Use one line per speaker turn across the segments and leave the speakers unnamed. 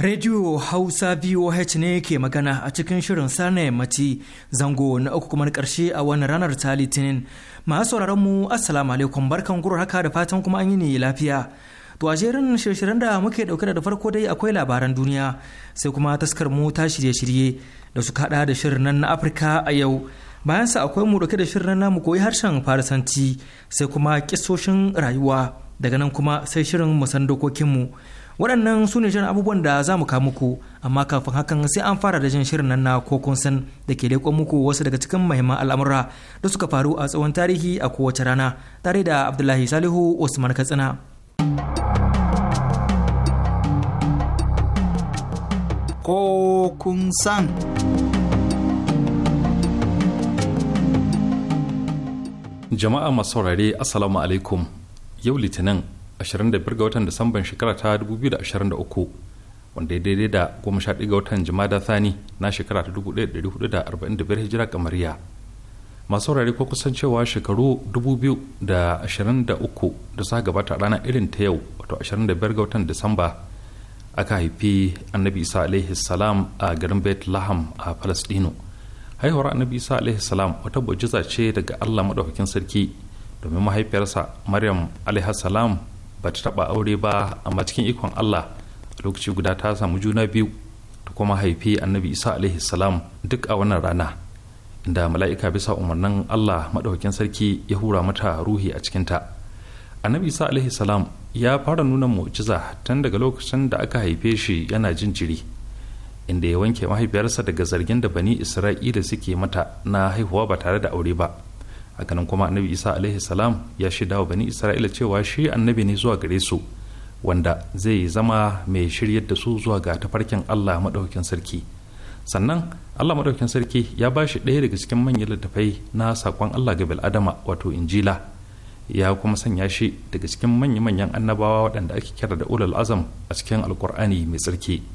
Radio Hausa VOH ne ke magana a cikin shirin sana yammaci zango na uku kuma na karshe a wani ranar ta Litinin. Masu sauraron mu Assalamu alaikum barkan gurur haka da fatan kuma an yi ne lafiya. To a jerin shirye da muke dauke da farko dai akwai labaran duniya sai kuma taskar mu ta shirye-shirye da su kada da shirin nan na Afirka a yau. Bayan sa akwai mu dauke da shirin nan namu koyi harshen Farisanci sai kuma kisoshin rayuwa daga nan kuma sai shirin mu san dokokin mu. waɗannan su ne shirin abubuwan da za mu kawo muku amma kafin hakan sai an fara da jin shirin nan na ko san da ke leƙon muku wasu daga cikin mahimman al'amura da suka faru a tsawon tarihi a kowace rana tare da abdullahi salihu usman katsina
kokun san
jama'a masu saurare alaikum yau litinin 21 ga watan Disamban shekara ta 2023 wanda ya daidai da 11 ga watan Jumada Thani na shekara ta 1445 hijira kamariya. Masu rari ko kusan cewa shekaru 2023 da sa gabata ranar irin ta yau wato 25 ga watan Disamba aka haifi annabi Isa alaihi salam a garin Bethlehem a Palestino. Haihuwar annabi Isa alaihi salam wata bujiza ce daga Allah maɗaukakin sarki domin mahaifiyarsa Maryam alaihi salam ba ta taba aure ba amma cikin ikon Allah a lokaci guda ta samu juna biyu ta kuma haifi annabi isa alaihi salam duk a wannan rana inda mala'ika bisa umarnin Allah madaukakin sarki ya hura mata ruhi a cikinta annabi isa alaihi salam ya fara nuna mu'jiza tun daga lokacin da aka haife shi yana jin jiri inda ya wanke mahaifiyarsa daga zargin da bani isra'ila suke mata na haihuwa ba tare da aure ba ganin kuma annabi isa alaihi salam ya shaida wa bani isra'ila cewa shi annabi ne zuwa gare su wanda zai zama mai shiryar da su zuwa ga tafarkin allah maɗaukin sarki sannan allah maɗaukin sarki ya ba shi ɗaya daga cikin manyan littafai na sakon allah ga bil'adama wato injila ya kuma sanya shi daga cikin manya-manyan annabawa waɗanda ake kira da ulul azam a cikin alkur'ani mai tsarki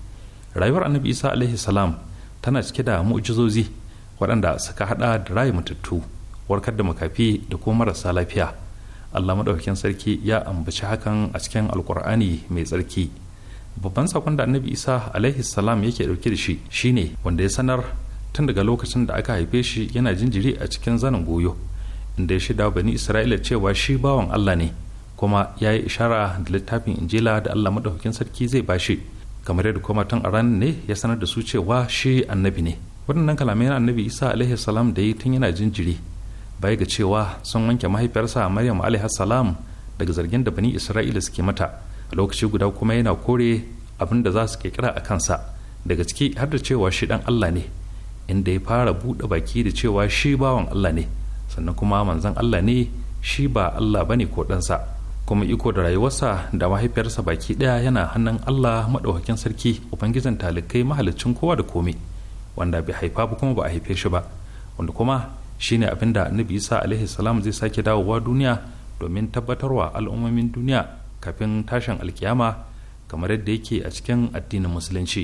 rayuwar annabi isa alaihi salam tana cike da muujizozi waɗanda suka haɗa da rayu matattu warkar da makafi da kuma marasa lafiya allah maɗaukakin sarki ya ambaci hakan a cikin alkur'ani mai tsarki babban sakon da annabi isa alaihi salam yake ɗauke da shi shine wanda ya sanar tun daga lokacin da aka haife shi yana jinjiri a cikin zanin goyo inda ya shida bani isra'ila cewa shi bawan allah ne kuma ya yi ishara da littafin injila da allah maɗaukakin sarki zai bashi kamar yadda kuma tun a ne ya sanar da su cewa shi annabi ne waɗannan kalamai na annabi isa alaihi salam da yi tun yana jinjiri bai ga cewa sun wanke mahaifiyarsa maryam salam daga zargin da bani isra'ila suke mata a lokaci guda kuma yana kore abin da za su ke kira a kansa daga ciki har da cewa shi dan allah ne inda ya fara buɗe baki da cewa shi bawan allah ne sannan kuma manzon allah ne shi ba allah bane ko ɗansa kuma iko da rayuwarsa da mahaifiyarsa baki ɗaya yana hannun allah maɗaukakin sarki ubangijin talikai mahalicin kowa da komi wanda bai haifa ba kuma ba a haife shi ba wanda kuma shine abin da annabi isa alaihi salam zai sake dawowa duniya domin tabbatarwa al'ummomin duniya kafin tashin alkiyama kamar yadda yake a cikin addinin musulunci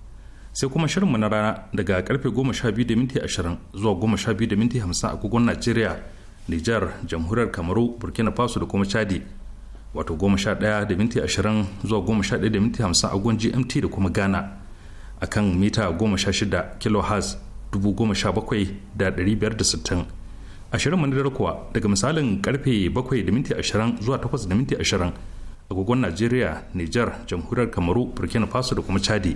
sai kuma shirinmu na rana daga karfe 12:20 zuwa 12:50 a kogon Najeriya, Nijar, Jamhuriyar Kamaru, Burkina Faso da kuma Chadi. Wato 11:20 zuwa 11:50 a gon GMT da kuma Ghana a kan mita 16 kHz 17,560. A shirinmu na dare kuwa daga misalin karfe 7:20 zuwa 8:20 a kogon Najeriya, Nijar, Jamhuriyar Kamaru, Burkina Faso da kuma Chadi.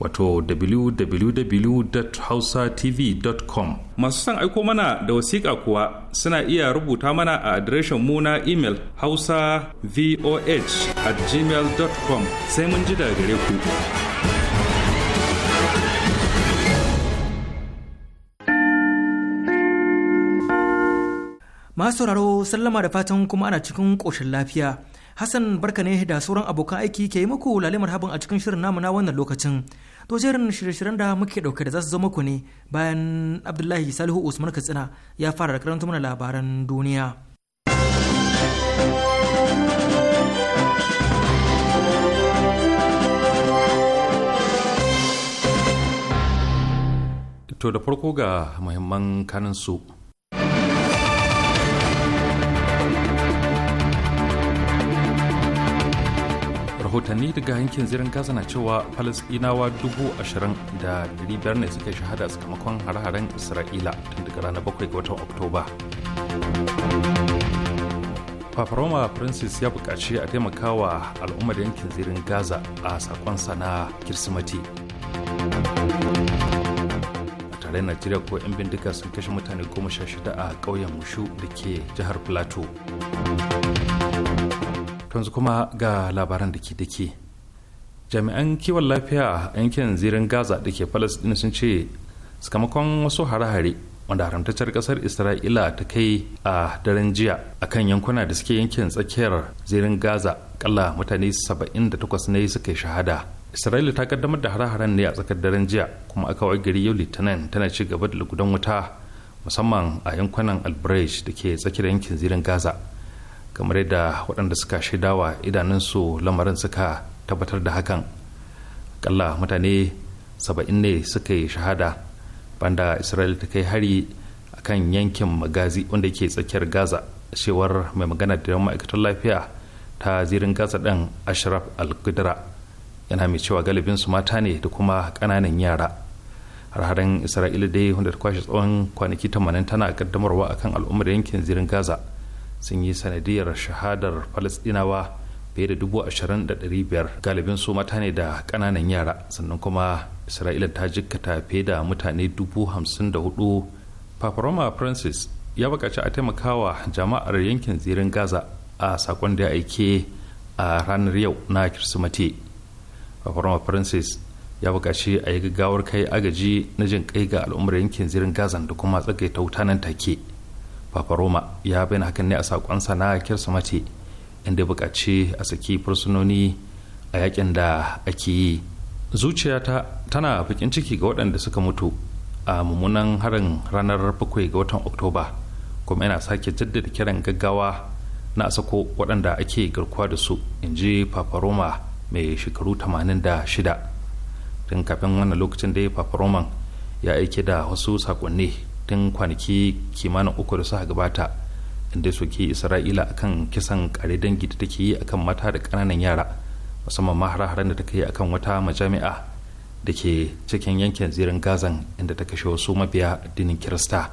wato www.hausatv.com masu son aiko mana da wasiƙa kuwa suna iya rubuta mana a adireshin mu na imel hausa voh at gmail.com sai mun ji daga gare ku
masu sauraro sallama da fatan kuma ana cikin ƙoshin lafiya Hassan barka ne da sauran abokan aiki ke yi muku lalimar habin a cikin shirin namu wannan lokacin. To jerin shirye-shiryen da muke dauke da za su zo muku ne bayan Abdullahi Salihu Usman Katsina ya fara karanta mana labaran duniya.
To da farko ga muhimman kanin su. rahotanni daga yankin zirin gaza na cewa falasdinawa dubu ashirin da biyar ne suka shahada sakamakon hare-haren isra'ila tun daga ranar bakwai ga watan oktoba fafaroma francis ya buƙaci a wa al'ummar yankin zirin gaza a sakonsa na kirsimati a tare najeriya ko 'yan bindiga sun kashe mutane goma sha shida a ƙauyen mushu da ke jihar plateau yanzu kuma ga labaran da ke da ke jami'an kiwon lafiya a yankin zirin gaza da ke palestine sun ce sakamakon wasu hare-hare wanda haramtaccen kasar isra'ila ta kai a daren jiya a kan yankuna da suke yankin tsakiyar zirin gaza kalla mutane 78 ne suka yi shahada isra'ila ta kaddamar da hare-haren ne a tsakar daren jiya kuma aka wai gari yau litinin tana ci gaba da lugudan wuta musamman a yankunan albrecht da ke tsakiyar yankin zirin gaza kamar yadda waɗanda suka shaidawa idanunsu lamarin suka tabbatar da hakan kalla mutane saba'in ne suka yi shahada banda isra'ila ta kai hari a kan yankin magazi wanda ke tsakiyar gaza cewar mai magana da yawan ma'aikatar lafiya ta zirin gaza ɗin ashraf al yana mai cewa galibin su mata ne da kuma ƙananan yara har-haren isra'ila dai wanda ta kwashe tsawon kwanaki 80 tana kaddamarwa akan al'ummar yankin zirin gaza sun yi sanadiyar shahadar falasdinawa fiye da dubu ashirin da ɗari biyar galibin su mata ne da ƙananan yara sannan kuma isra'ila ta jikkata fiye da mutane dubu hamsin da hudu paparoma francis ya bukaci a taimakawa jama'ar yankin zirin gaza a sakon da aike a ranar yau na kirsimati paparoma francis ya bukaci a yi gaggawar kai agaji na jin kai ga al'ummar yankin zirin gaza da kuma tsagaita wuta nan take papa roma ya bayyana hakan ne a sakonsa na kirsimati inda bukaci a saki fursunoni a yakin da ake yi zuciyata tana bakin ciki ga waɗanda suka mutu a mummunan harin ranar bakwai ga watan oktoba kuma yana sake jaddada kiran gaggawa na sako waɗanda ake garkuwa da su in ji paparoma mai shekaru 86 tun kafin wannan lokacin da ya paparoman ya aike da wasu sakonni tun kwanaki kimanin uku da suka gabata inda soke isra'ila akan kisan kare dangi da take yi akan mata da ƙananan yara musamman ma har da take yi akan wata majami'a da ke cikin yankin zirin gazan inda ta kashe wasu mabiya addinin kirista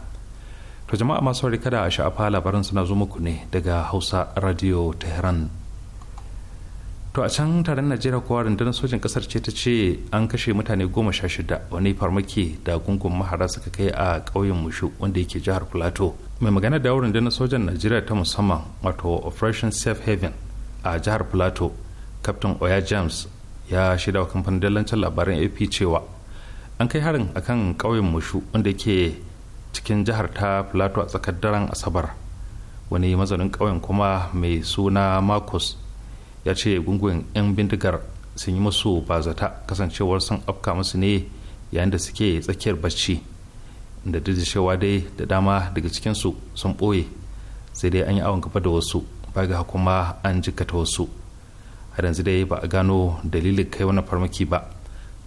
to jama'a masu kada a sha'afa labaran suna zo muku ne daga hausa radio tehran to a can taron najeriya kowa rundunar sojin kasar ce ta ce an kashe mutane goma sha shida wani farmaki da gungun mahara suka kai a ƙauyen mushu wanda yake jihar plateau mai magana da dana sojan najeriya ta musamman wato operation safe haven a jihar plateau captain oya james ya shaida wa kamfanin dalancin labaran ap cewa an kai harin kan ƙauyen mushu wanda ke cikin jihar ta plateau a tsakar daren asabar wani mazanin ƙauyen kuma mai suna marcus ya ce gungun 'yan bindigar sun yi musu bazata kasancewar sun afka musu ne yayin da suke tsakiyar bacci da cewa dai da dama daga cikinsu sun ɓoye sai dai an yi awon gaba da wasu ga kuma an jikata wasu har yanzu dai ba a gano dalilin kai wani farmaki ba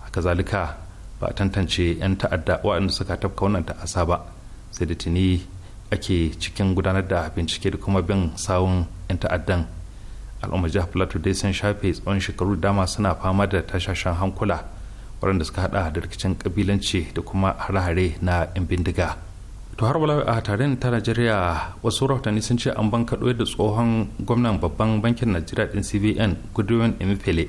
haka zalika ba a tantance 'yan ta'adda waɗanda suka tafka wannan ta'asa ba sai da tuni ake cikin gudanar da bincike da kuma bin sawun 'yan ta'addan al'umma jihar plateau dai sun shafe tsawon shekaru dama suna fama da tashashen hankula waɗanda suka hada da rikicin kabilanci da kuma hare na 'yan bindiga to har wala a tarin ta najeriya wasu rahotanni sun ce an ban kaɗo da tsohon gwamnan babban bankin najeriya ɗin cbn goodwin emifele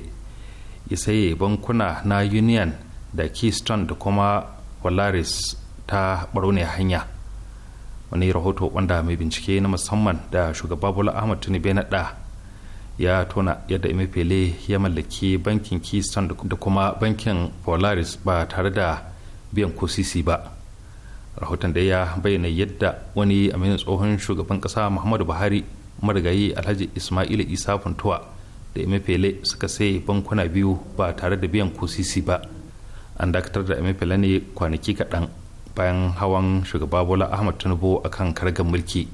ya saye bankuna na union da keystone da kuma polaris ta ne hanya wani rahoto wanda mai bincike na musamman da shugaba bola ahmad tuni bai naɗa ya tona yadda emefiele ya mallaki bankin keystone da kuma bankin polaris ba tare da biyan kusisi ba rahoton da ya bayyana yadda wani aminin tsohon shugaban kasa muhammadu buhari marigayi alhaji isma'il isa funtuwa da emefiele suka sai bankuna biyu ba tare da biyan kusisi ba an dakatar da emefiele ne kwanaki kaɗan bayan hawan shugaba bola ahmad tinubu akan kargar mulki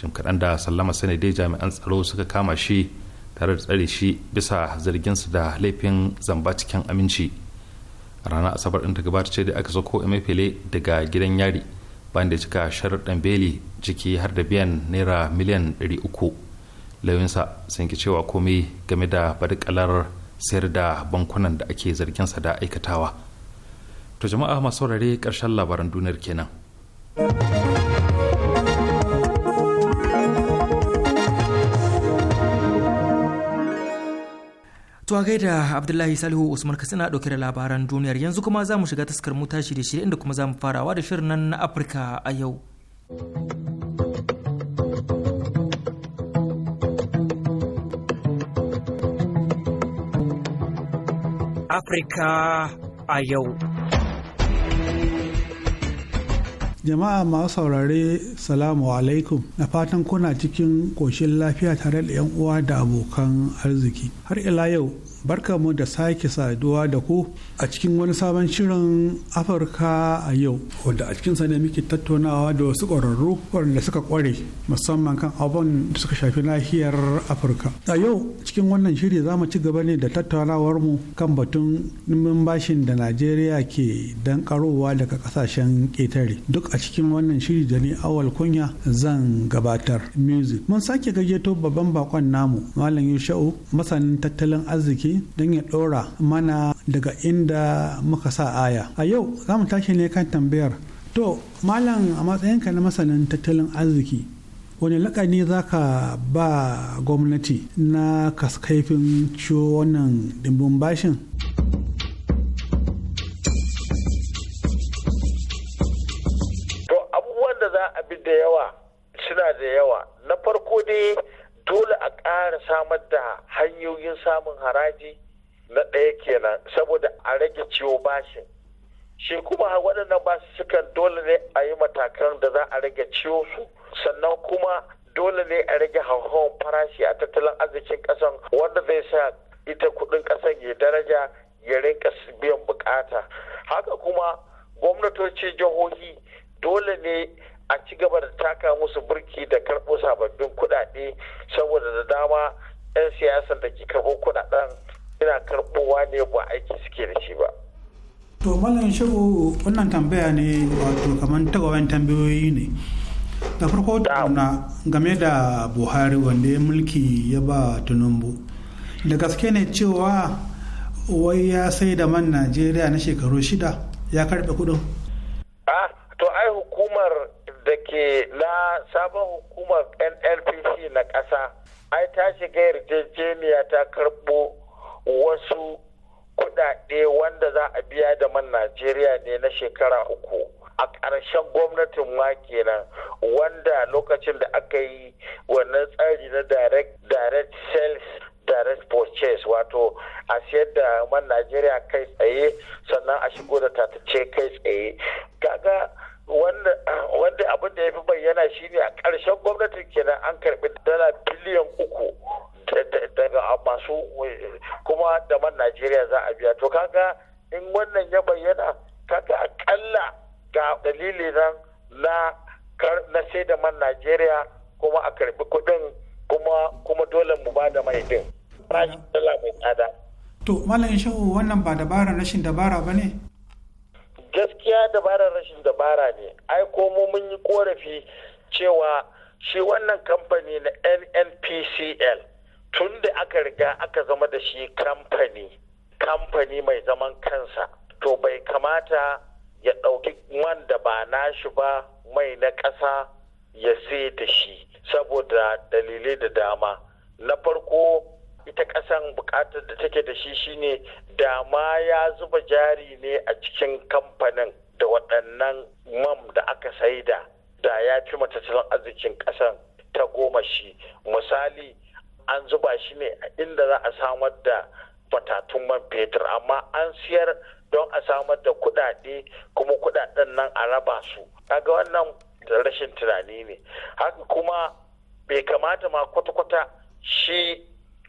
jim kaɗan da sallama sanadai jami'an tsaro suka kama shi tare da tsare shi bisa zarginsa da laifin zamba cikin aminci ranar asabar ɗin ta gabata ce da aka sako emefele daga gidan yari bayan da cika sharaɗin beli ciki har da biyan naira miliyan 300 lauyinsa sun ki cewa komai game da barkalar sayar da bankunan da ake zarginsa da aikatawa to jama'a masu saurare ƙarshen labaran duniyar kenan.
To a gaida Abdullahi Salihu Usman Katsina ɗauke da labaran duniyar yanzu kuma za mu shiga taskar mu tashi da shirye inda kuma za mu farawa da shirin nan na Afirka a yau. Afirka a yau.
jama'a masu saurare salamu alaikum na fatan kuna cikin ƙoshin lafiya tare da 'yan uwa da abokan arziki har ila yau barka mu da sake saduwa da ku a cikin wani sabon shirin afirka a yau wanda a cikinsa ne muke tattaunawa da wasu ƙwararru waɗanda suka ƙware musamman kan abin da suka shafi nahiyar afirka a yau cikin wannan shiri za mu ci gaba ne da tattaunawar mu kan batun nimin bashin da najeriya ke dan karowa daga ƙasashen ƙetare duk a cikin wannan shiri da ni awal kunya zan gabatar music mun sake gayyato babban bakon namu malam yusha'u masanin tattalin arziki shi don ya ɗora mana daga inda muka sa aya a yau za mu tashi ne kan tambayar to malam a matsayinka na masanin tattalin arziki wani lakani za ka ba gwamnati na kaskaifin ciwo wannan dimbin bashin
to abubuwan da za bi da yawa suna da yawa na farko dai dole a ƙara samar da hanyoyin samun haraji na ɗaya kenan saboda a rage ciwo bashin shi kuma waɗannan basu sukan dole ne a yi matakan da za a rage ciwo su sannan kuma dole ne a rage hauhawar farashi a tattalin arzikin ƙasan wanda zai sa ita kuɗin ƙasan ya daraja ya rinka biyan bukata haka kuma gwamnatoci jihohi dole ne a ci gaba da taka musu burki da karɓo sababbin kuɗaɗe saboda da dama 'yan siyasar da ke karɓo kuɗaɗen ina karɓowa ne ba aiki suke da shi ba.
to malam shehu wannan tambaya ne wato kamar tagawayen tambayoyi ne da farko na game da buhari wanda ya mulki ya ba tunumbu da gaske ne cewa wai ya sai da man najeriya na shekaru shida ya karbe kudin
ah, to ai hukumar da ke na sabon hukumar nlpc na ƙasa ai ta shiga yarjejeniya ta karɓo wasu kuɗaɗe wanda za a biya da man najeriya ne na shekara uku a ƙarshen gwamnatin ma kenan wanda lokacin da aka yi wannan tsari na direct sales direct purchase wato a siyar da man najeriya kai tsaye sannan a shigo da tatace kai tsaye kaga wanda abin da ya fi bayyana shine a ƙarshen gwamnatin kenan an karɓi dala biliyan uku daga masu kuma da man najeriya za a biya to kaga in wannan ya bayyana kaga akalla ga dalili nan na na sai da man najeriya kuma a karbi kuɗin kuma kuma dole mu ba da mai din tsada
to malam shehu wannan ba dabara rashin dabara ba ne
gaskiya dabarar rashin dabara ne ai komo mun yi korafi cewa shi wannan kamfani na nnpcl tun da aka riga aka zama da shi kamfani kamfani mai zaman kansa to bai kamata ya ɗauki wanda da ba shi ba mai na ƙasa ya sai da shi saboda dalilai da dama na farko ita ƙasan buƙatar da take da shi shine dama ya zuba jari ne a cikin kamfanin da waɗannan mam da aka saida da ya fi matattalin arzikin ƙasan ta goma shi misali an zuba shi ne a inda za a samar da matatun man fetur amma an siyar don a samar da kuɗaɗe kuma kuɗaɗen nan a raba su kaga wannan rashin tunani ne haka kuma bai kamata ma kwata-kwata shi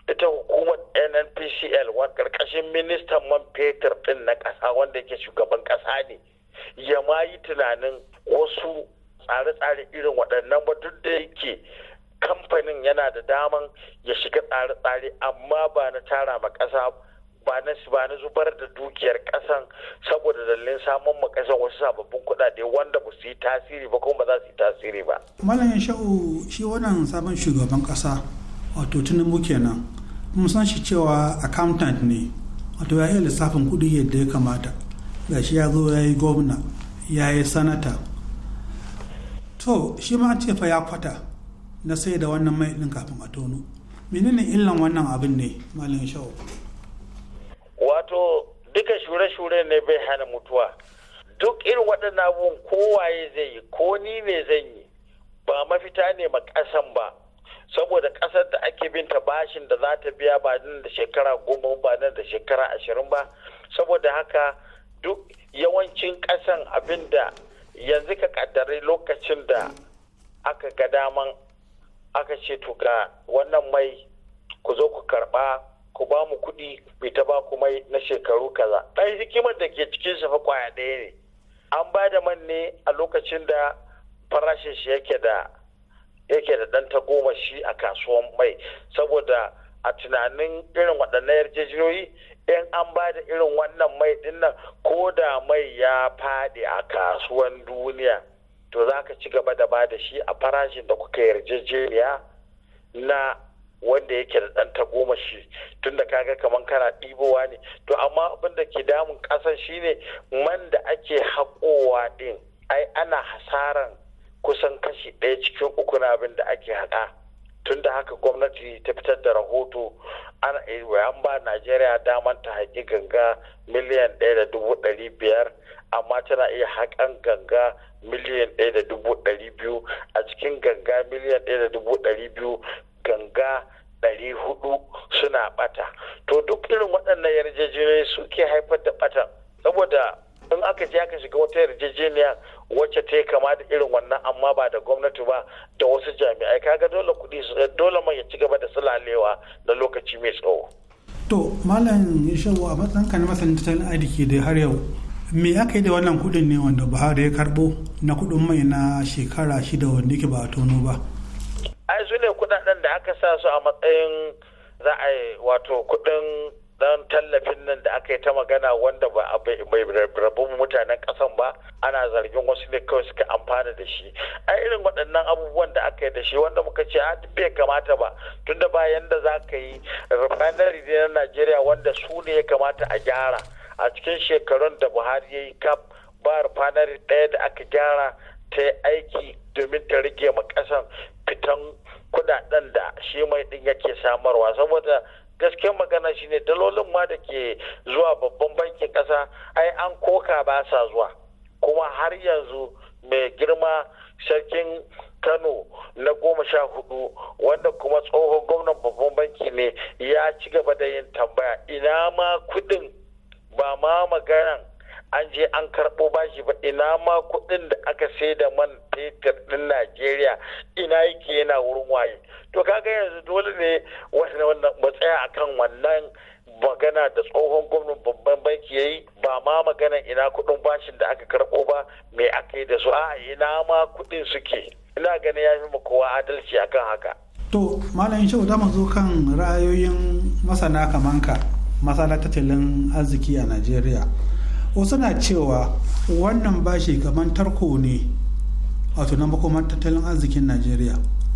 ita hukumar nnpcl karkashin ministan man fetur din na kasa wanda yake shugaban kasa ne ya ma yi tunanin wasu tsare-tsare irin waɗannan ba duk da yake kamfanin yana da daman ya shiga tsare-tsare amma ba na tara ma kasa ba na ba na zubar da dukiyar kasan saboda dalilin samun ma ƙasan wasu sababbin kuɗaɗe wanda ba su yi tasiri ba kuma ba za su yi tasiri ba.
Malam Sha'u shi wannan sabon shugaban kasa. wato tinubu kenan mun san shi cewa accountant ne wato ya iya lissafin kuɗi yadda ya kamata ga shi ya zo ya yi gwamna ya yi sanata to shi ma ce fa ya kwata na sai da wannan mai ɗin kafin a tono menene illan wannan abin ne malin shawo
wato duka shure-shure ne bai hana mutuwa duk irin waɗannan abubuwan kowaye zai yi ko ni ne zan yi ba mafita ne ma ƙasan ba saboda ƙasar da ake bin ta bashin da za ta biya ba nan da shekara goma ba nan da shekara ashirin ba saboda haka duk yawancin ƙasan abin da yanzu ka kaddare lokacin da aka ga daman aka ce to ga wannan mai ku zo ku karɓa ku ba mu kuɗi bai ta ba ku mai na shekaru kaza ɗan hikimar da ke cikin shafa kwaya ɗaya ne an ba da man ne a lokacin da farashin shi yake da yake da ɗan goma shi a kasuwan mai saboda a tunanin irin waɗannan yarjejeniyoyi in an ba da irin wannan mai dinnan ko da mai ya faɗi a kasuwan duniya to za ka ci gaba da ba da shi a farashin da kuka yarjejeniya na wanda yake da ɗan shi tun da kaga kamar kana ɗibowa ne to amma abin da ke damun ƙasar shine man da ake haƙowa ɗin ai ana hasaran kusan kashi ɗaya cikin uku na abin da ake haɗa tun da haka gwamnati ta fitar da rahoto eh, an ba najeriya daman ta haƙi ganga miliyan ɗaya da dubu ɗari biyar amma tana iya haƙan ganga miliyan ɗaya da dubu ɗari biyu a cikin ganga miliyan ɗaya da dubu ɗari biyu ganga ɗari hudu suna ɓata to duk irin waɗannan yarjejeniyoyi suke haifar da ɓata saboda in aka je aka shiga wata yarjejeniya wacce ta yi kama da irin wannan amma ba da gwamnati ba da wasu jami'ai kaga dole kuɗi eh, dole man ya ci gaba da sulalewa na lokaci mai tsawo.
to malam wa a matsanka na masanin tattalin arziki da har yau me aka yi da wannan kuɗin ne wanda buhari ya karɓo na kuɗin mai na shekara shida wanda yake ba a tono ba.
ai su ne kuɗaɗen da aka sa su a matsayin za a yi wato kuɗin dan tallafin nan da aka yi ta magana wanda ba mai rabu mutanen kasan ba ana zargin wasu ne kawai suka amfana da shi a irin waɗannan abubuwan da aka yi da shi wanda muka ce a ah, bai kamata ba tunda bayan da za ka yi refinery ne na najeriya wanda su ne ya kamata a gyara a cikin shekarun da buhari ya yi kaf ba refinery ɗaya da aka gyara ta yi aiki domin ta rage ma ƙasan fitan kudaden da shi mai ɗin yake samarwa saboda gaskiyar magana shine dalolin ma da ke zuwa babban bankin kasa ai an koka ba sa zuwa kuma har yanzu mai girma sarkin kano na goma sha hudu wanda kuma tsohon gwamnan babban banki ne ya ci gaba da yin tambaya ina ma kudin ba ma maganan an je an karɓo bashi ba ina ma kuɗin da aka sai da man fetur ɗin Najeriya ina yake yana wurin waye to kaga yanzu dole ne wannan matsaya akan wannan magana da tsohon gwamnan babban banki ya yi ba ma magana ina kuɗin bashin da aka karɓo ba me aka yi da su a ina ma kuɗin suke ina ganin ya fi kowa adalci akan haka. to
malam shehu da zo kan ra'ayoyin masana kamanka masana tattalin arziki a najeriya wasu na cewa wannan bashi kamar tarko ne wato na makoman tattalin arzikin najeriya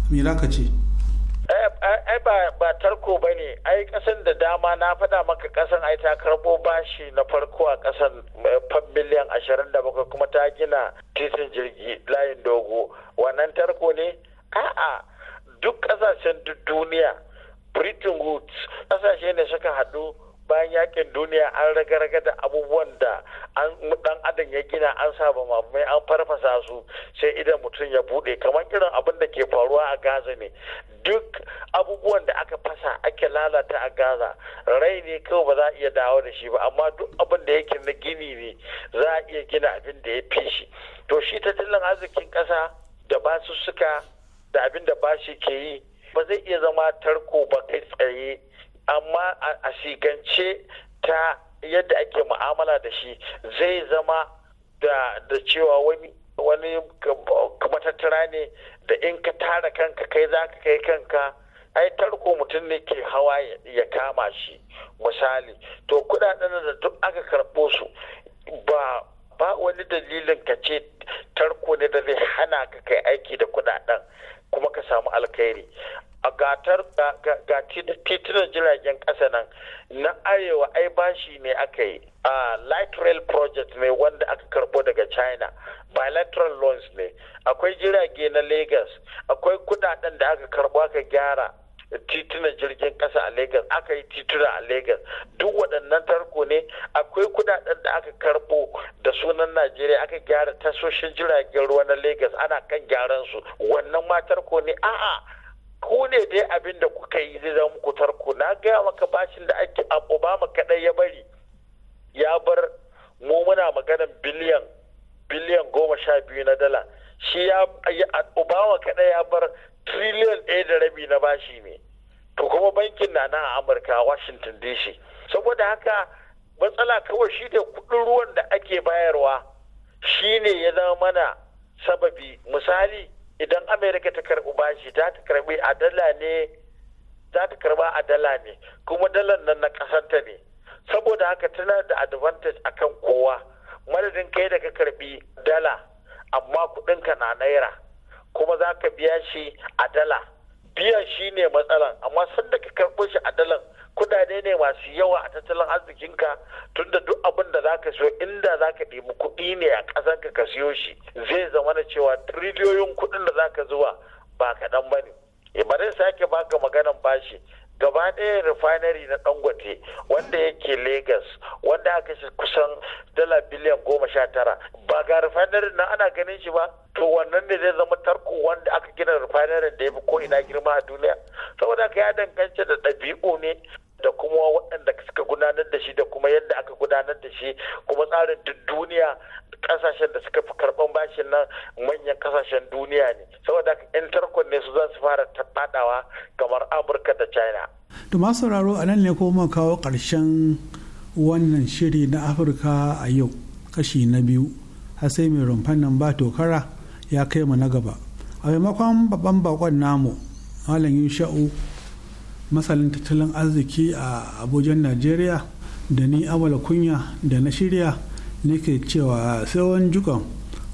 me za ce
eh, eh, ai ba tarko ba ne ai kasan da dama na faɗa maka kasan ai ta karɓo bashi na farko a kasan eh, fan miliyan ashirin da bakwai kuma ta gina titin jirgi layin dogo wannan tarko ne a'a duk ƙasashen duniya britain woods ƙasashe ne suka haɗu bayan yakin duniya an raga-raga da abubuwan da an dan adam ya gina an saba mamai an farfasa su sai idan mutum ya bude kamar irin abin da ke faruwa a gaza ne duk abubuwan da aka fasa ake lalata a gaza rai ne kawai ba za a iya dawo da shi ba amma duk abin da yake na gini ne za a iya gina abin da ya fi shi to shi tattalin arzikin ƙasa da basussuka da abin da bashi ke yi ba zai iya zama tarko ba kai tsaye amma a sigance ta yadda ake mu'amala da shi zai zama da cewa wani wani matattara ne da in ka tara kanka kai za ka kai kanka ai tarko mutum ne ke hawa ya kama shi misali to kudaden da duk aka karɓo su ba ba wani dalilin ka ce tarko ne da zai hana ka kai aiki da kudaden kuma ka samu alkhairi A gatar ga titunan jiragen ƙasa nan na arewa ai bashi ne aka yi a light rail project ne wanda aka karbo daga china bilateral loans ne akwai jirage na lagos akwai kudaden da aka karbo aka gyara titunan jirgin ƙasa a lagos aka yi tituna a lagos duk waɗannan tarko ne akwai kudaden da aka karbo da sunan najeriya aka gyara tasoshin jiragen ruwa na lagos ana kan gyaran su wannan ma tarko ne a'a ku ne dai abin da kuka yi zai zama muku tarko na gaya maka bashin da ake obama kadai ya bari ya bar mu muna maganan biliyan biliyan goma sha biyu na dala shi ya obama kadai ya bar triliyan ɗaya da rabi na bashi ne to kuma bankin na na amurka washington dc saboda haka matsala kawai shi ne kudin ruwan da ake bayarwa shi ne ya zama mana sababi misali idan amerika ta karbi bashi ta ta karbi a ne za ta karba a dala ne kuma dalar nan na kasanta ne saboda haka tana da advantage akan kowa madadin kai da ka karbi dala amma kudinka na naira kuma za ka biya shi a dala biyan shi ne matsalan amma sanda ka karɓo shi a dalan kudade ne masu yawa a tattalin arzikinka tunda duk abin da zaka so inda zaka ɗebi kuɗi ne a ƙasar ka siyo shi zai zama na cewa triliyoyin kuɗin da zaka zuwa ba kaɗan ba ne eh, bari sake baka maganan bashi gaba ɗaya refinery na dangote wanda yake lagos wanda aka shi kusan dala biliyan goma sha tara ba ga refinery na ana ganin shi ba to wannan ne zai zama tarko wanda aka gina refinery da ya fi ko ina girma a duniya saboda ka ya danganci da ɗabi'u ne da kuma waɗanda suka gudanar da shi da kuma yadda aka gudanar da shi kuma tsarin duk duniya kasashen da suka fi karɓan bashin nan manyan kasashen duniya ne saboda yan tarkon ne su za su fara taɓaɗawa kamar amurka da china
da masu sauraro a nan ne kuma kawo ƙarshen wannan shiri na afirka a yau kashi na biyu har sai mai rumfan nan ba tokara ya kai mu na gaba a maimakon babban bakon namu malam yusha'u masalin tattalin arziki a abujan najeriya da ni awala kunya da na shirya ne ke cewa sai wani jukan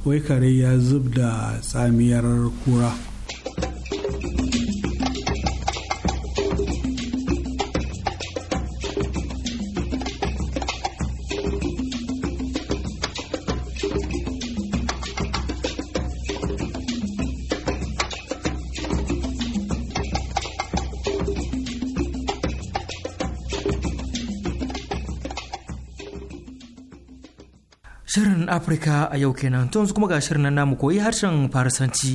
wai kare ya zub da tsamiyar kura
Afirka a yau kenan to yanzu kuma ga shirin nan namu koyi harshen Farisanci.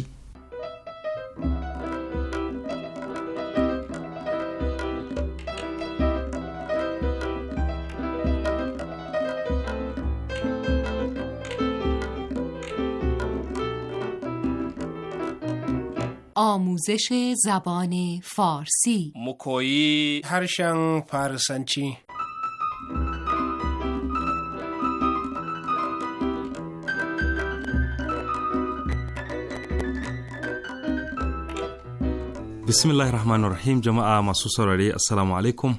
آموزش زبان فارسی
مکویی هرشن فارسنچی bismillahir rahmanir rahim jama'a masu saurare assalamu alaikum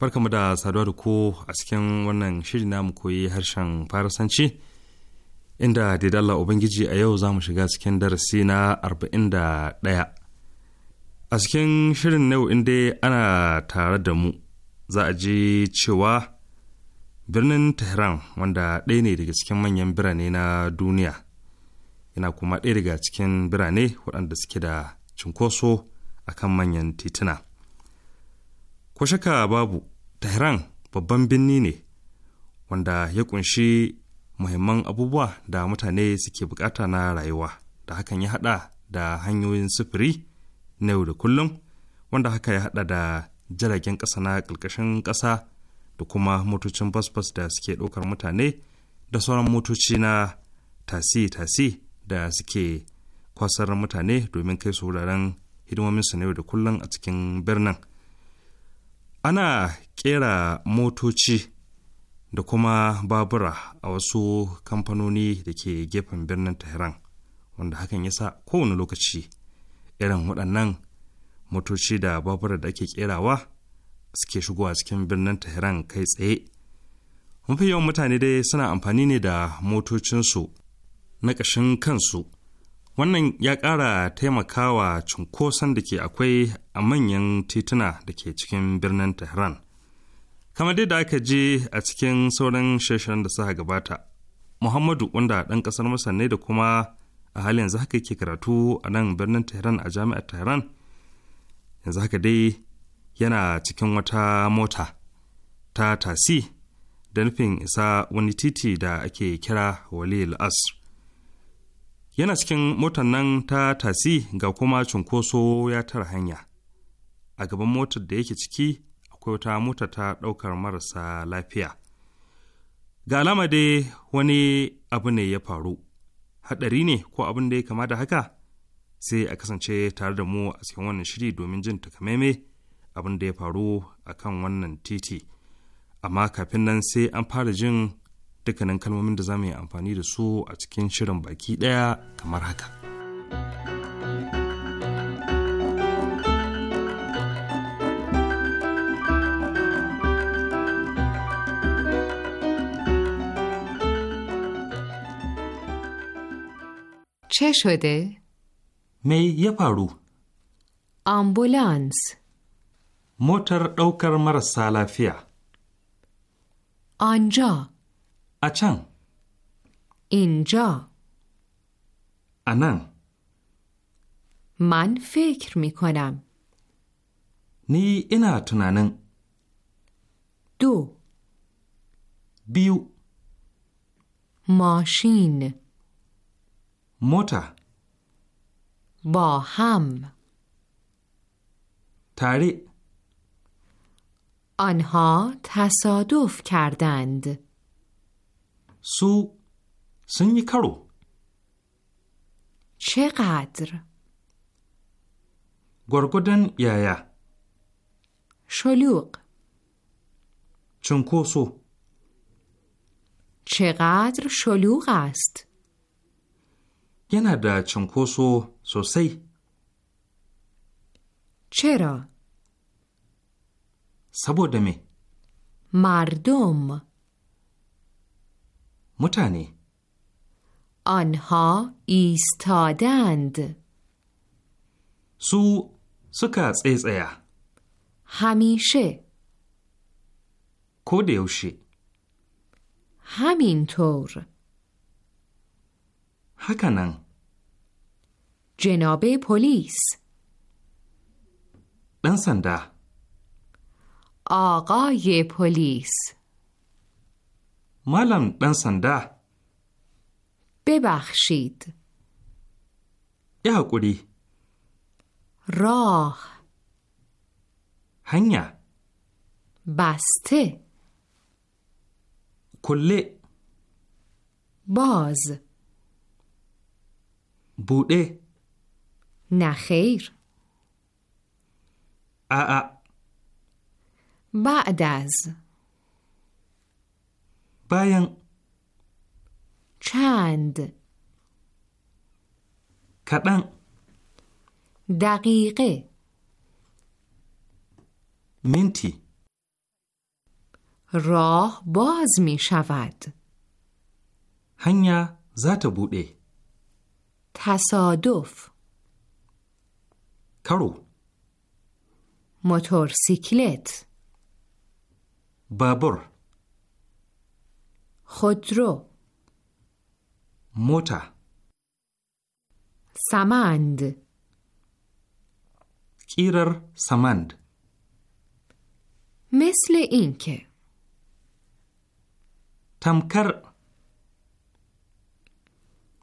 barkamu da saduwa da ku a cikin wannan shirin na mu koyi harshen farasanci inda da Allah ubangiji a yau za mu shiga cikin darasi na arba'in da ɗaya. a cikin shirin yau dai ana tare da mu za a ji cewa birnin tehran wanda ɗaya ne daga cikin manyan birane na duniya yana kuma ɗaya daga cikin birane waɗanda suke da cinkoso a kan manyan tituna. Ko shaka babu, Tehran babban birni ne wanda ya kunshi muhimman abubuwa da mutane suke bukata na rayuwa da hakan ya haɗa da hanyoyin sufuri na yau da kullum wanda haka ya haɗa da jiragen ƙasa na ƙarƙashin ƙasa da kuma motocin bas-bas da suke ɗaukar mutane da sauran motoci na tasi-tasi da suke kwasar mutane domin kai su wuraren hidimominsa na yau da kullum a cikin birnin ana kera motoci da kuma babura a wasu kamfanoni da ke gefen birnin tehran wanda hakan ya sa kowane lokaci irin waɗannan motoci da babura da ake kerawa suke a cikin birnin tehran kai tsaye mafi yawan mutane dai suna amfani ne da motocinsu na ƙashin kansu wannan ya ƙara taimakawa cunkoson da ke akwai a manyan tituna da ke cikin birnin tehran kamar dai da aka je a cikin sauran shirin da suka gabata muhammadu wanda ɗan ƙasar masar ne da kuma a halin yanzu haka ke karatu a nan birnin tehran a jami'ar tehran yanzu haka dai yana cikin wata mota ta tasi da nufin isa wani titi da ake kira walil asr yana cikin motar nan ta tasi ga kuma cunkoso ya tara hanya a gaban motar da yake ciki akwai wata mota ta ɗaukar marasa lafiya ga alama dai wani abu ne ya faru haɗari ne ko abin da ya kama da haka sai a kasance tare da mu a cikin wannan shiri domin jin takamaime abin da ya faru a kan wannan titi amma kafin nan sai an fara jin dukkanin kalmomin da za mu yi amfani da su a cikin shirin baki ɗaya kamar haka.
چه شده؟
می یه پارو Motar موتر دوکر lafiya. لافیا
اچن اینجا انا من فکر می کنم
نی اینا تنانن
دو بیو ماشین موتا با هم تاری آنها تصادف کردند su sun yi karo. Chegadr.
Gwargwadon yaya.
Sholuk.
Cunkoso.
Chegadr sholuk
Yana da cunkoso sosai. Chera. Saboda me?
Mardom. Mardom. متعنی آنها ایستادند
سو سکا ایا
همیشه
کودیوشی
همینطور هکنن جناب پلیس دن آقای پلیس
مالم دن سنده
ببخشید
یه حقوری
راه هنیا بسته کله باز بوده نخیر ا بعد از بایان چند کدن دقیقه منتی راه باز می شود هنیا
زات بوده
تصادف کرو سیکلت
بابر
خودرو موتا سمند
کیرر سمند
مثل اینکه تمکر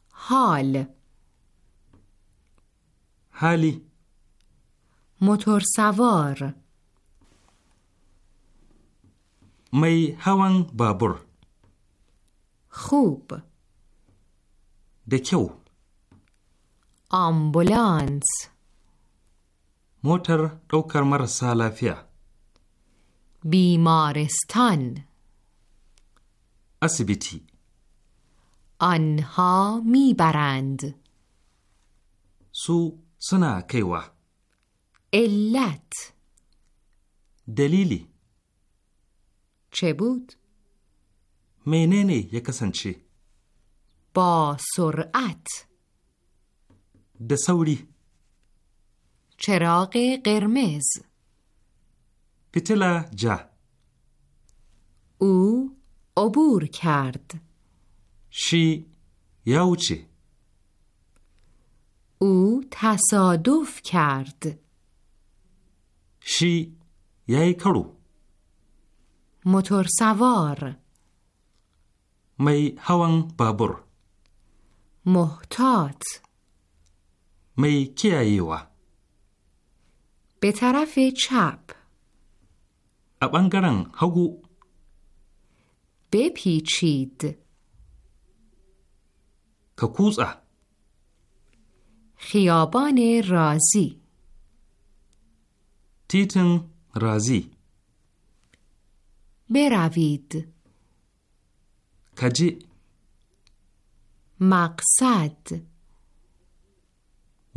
حال حالی موتور سوار
می هوان بابر
خوب دکو آمبولانس
موتر دوکر مرسا لافیا
بیمارستان
اسبیتی
آنها میبرند
سو سنا کیوا
علت دلیلی چه بود؟
menene ya kasance
با سرعت da sauri چراغ قرمز
پتلا جا
او عبور کرد
شی یا اوچه
او تصادف کرد
شی یای کرو
موتور سوار
می هوان بابور
محتاط
می کیاییوا
به طرف چپ ابنگرن هگو بپیچید ککوزه خیابان رازی تیتن رازی بروید kaji maqsad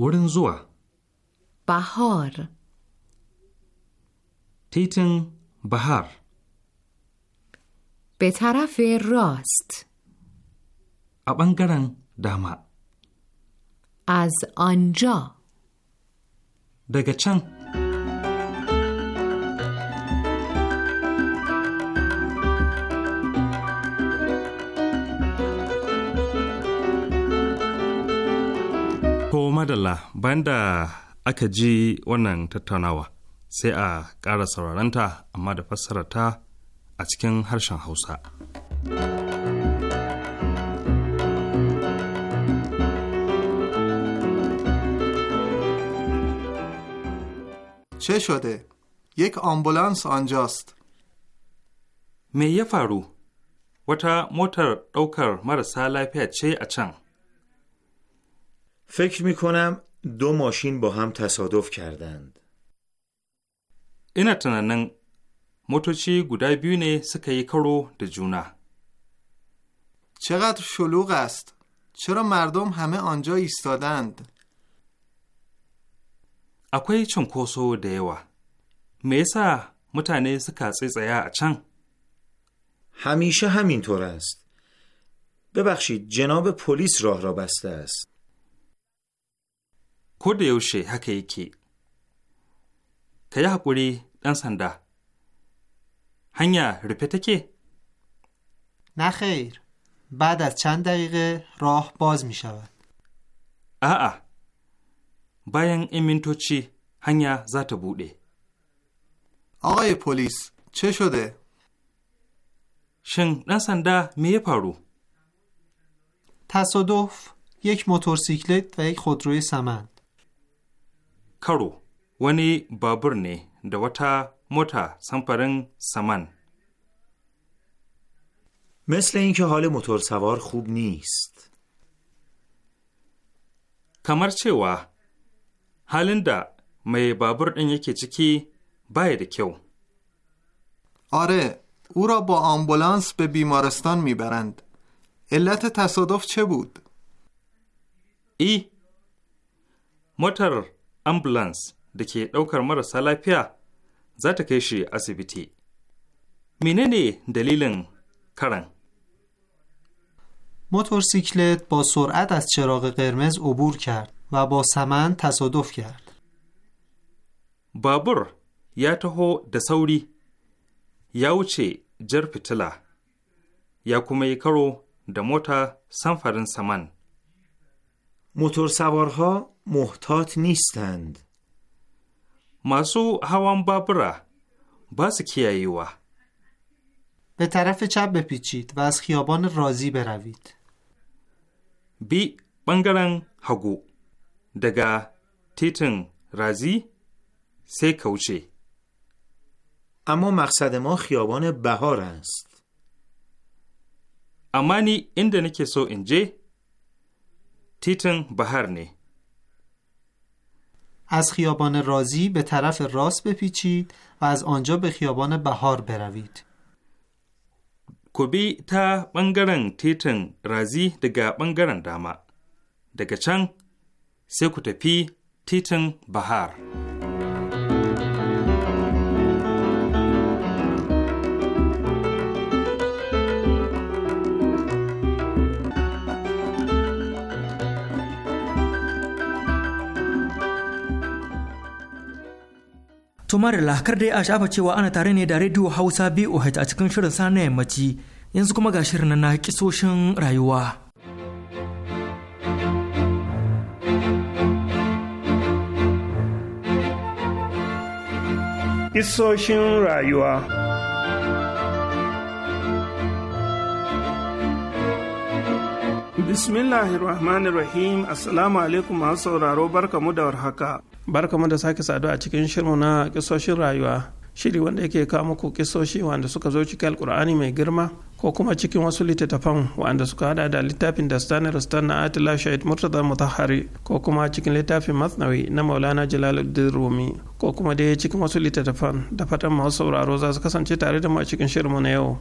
wurin zuwa Bahor.
titin bahar به A ɓangaren dama. داما
از آنجا دگه چند
madalla bayan da aka ji wannan tattaunawa sai a ƙara ta, amma da fassara ta a cikin harshen hausa.
چه شده؟ یک آمبولانس me ya faru
wata motar ɗaukar marasa lafiya ce a can فکر می کنم دو ماشین با هم تصادف کردند. اینا تنانن موتوچی گودای بیونه سکه یک ده جونه.
چقدر شلوغ است. چرا مردم همه آنجا ایستادند؟
اکوی چون کوسو دیوا. میسا yasa متانی سکه tsaya همیشه همینطور است. ببخشید جناب پلیس راه را بسته است. ko da yaushe haka yake ka yi haƙuri ɗan sanda hanya rufe take
نه خیر بعد از چند دقیقه راه باز می شود
bayan in این منتوچی za زات بوده
آقای پلیس چه شده؟ شن me می پارو تصادف یک موتورسیکلت و یک خودروی سمن کرو
ونی بابر نه da wata mota samfarin saman.
مثل اینکه حال موتور سوار خوب نیست.
کمر چه halin da می بابر ɗin yake
ciki آره او را با آمبولانس به بیمارستان میبرند. علت تصادف چه بود؟ ای
موتور ambulance da ke ɗaukar marasa lafiya za ta kai shi asibiti. menene dalilin karan?
موتورسیکلت با سرعت از چراغ قرمز عبور کرد و با سمن تصادف کرد.
بابور یا تهو da sauri ya wuce jar fitila ya kuma yi karo da mota samfarin saman. موتور سوارها محتاط نیستند مسو هوان بابرا باز کیایوا
به طرف چپ بپیچید و از خیابان رازی بروید بی بنگرن
هگو دگا تیتن رازی سه کوچه اما مقصد ما خیابان بهار است امانی نی این سو انجه تیتن بهار
نه از خیابان رازی به طرف راست بپیچید و از آنجا به خیابان بهار بروید. کوبی
تا بنگرن تیتن رازی دگا بنگرن داما. دگا چنگ سیکو تپی تیتن بهار.
To Marilla, kar dai a shafa cewa ana tare ne da Radio Hausa BOH a cikin shirin sa na yammaci. Yanzu kuma ga shirin na kisoshin rayuwa.
Kisoshin rayuwa Bismillahirrahmanirrahim Assalamu alaikum masu sauraro barkamu da warhaka. mu da sake sadu a cikin shirmu na kisoshin rayuwa shiri wanda yake kawo muku kisoshi wanda suka zo cikin alkur'ani mai girma ko kuma cikin wasu littattafan wanda suka hada da littafin da stanley rustan na atila shahid murtaza mutahari ko kuma cikin littafin masnawi na maulana jalaluddin rumi ko kuma dai cikin wasu littattafan da fatan masu sauraro za su kasance tare da mu a cikin shirmu na yau.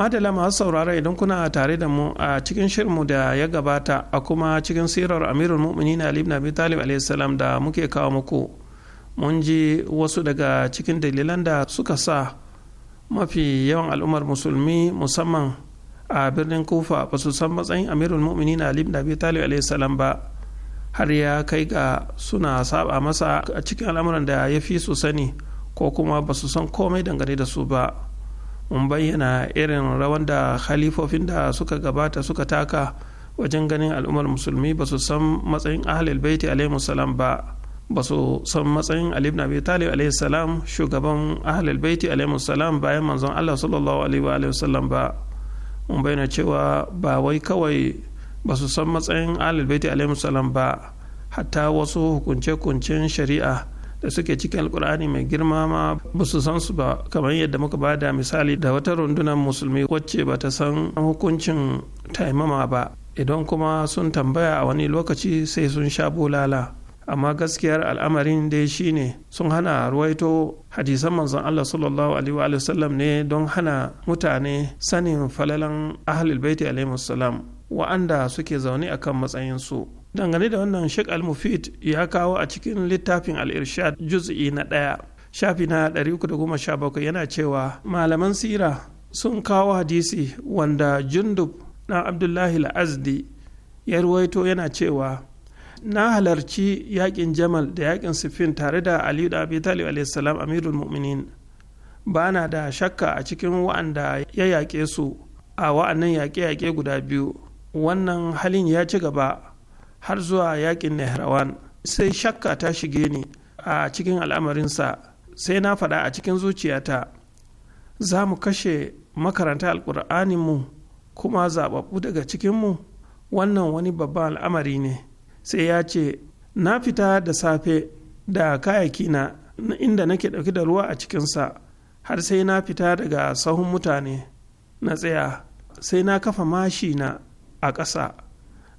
madala masu saurara idan kuna tare da mu a cikin shirinmu da ya gabata a kuma cikin sirar amirul mu'minin ali ibn abi talib salam da muke kawo muku mun ji wasu daga cikin dalilan da suka sa mafi yawan al'ummar musulmi musamman a birnin kufa ba su san matsayin amirul mu'minin ali ibn abi talib salam ba har ya kai ga suna saba masa a cikin al'amuran da ya fi su sani ko kuma ba su san komai dangane da su ba mun bayyana irin rawan da khalifofin da suka gabata suka taka wajen ganin al'ummar musulmi ba su san matsayin ahalil baiti alaihi salam ba ba su san matsayin ali ibn abi talib alaihi salam shugaban ahalil baiti alaihi salam bayan manzon Allah sallallahu alaihi wa alihi wasallam ba mun bayyana cewa ba wai kawai ba su san matsayin ahalil baiti alaihi salam ba hatta wasu hukunce-hukuncen shari'a da suke cikin alkur'ani mai girma ma ba su san su ba kamar yadda muka ba da misali da wata rundunar musulmi wacce ba ta san hukuncin taimama ba idan kuma sun tambaya a wani lokaci sai sun sha bulala amma gaskiyar al'amarin dai shine sun hana ruwaito hadisan manzon Allah sallallahu alaihi wa ne don hana mutane sanin falalan ahlul baiti alaihi wa'anda suke zaune akan matsayinsu dangane da wannan sheikh al-mufid ya kawo a cikin littafin al-irshad juz'i na ɗaya shafi na 317 yana cewa malaman sira sun kawo hadisi wanda jundub na abdullahi la'azdi ya ruwaito yana cewa na halarci yakin jamal da yakin siffin tare da aliyu da abi talib alaihissalam amirul mu'minin ba na da shakka a cikin wa'anda ya yaƙe su a wa'annan yaƙe-yaƙe guda biyu wannan halin ya ci gaba har zuwa yakin nehrawan sai shakka ta shige ni a cikin al'amarinsa sai na faɗa a cikin zuciyata za mu kashe makaranta alkur'aninmu kuma zaɓaɓɓu daga cikinmu wannan wani babban al'amari ne sai ya ce na fita da safe da kayakina inda nake ɗauki da ruwa a cikinsa har sai na fita daga sahun mutane na tsaya sai na kafa mashina a ƙasa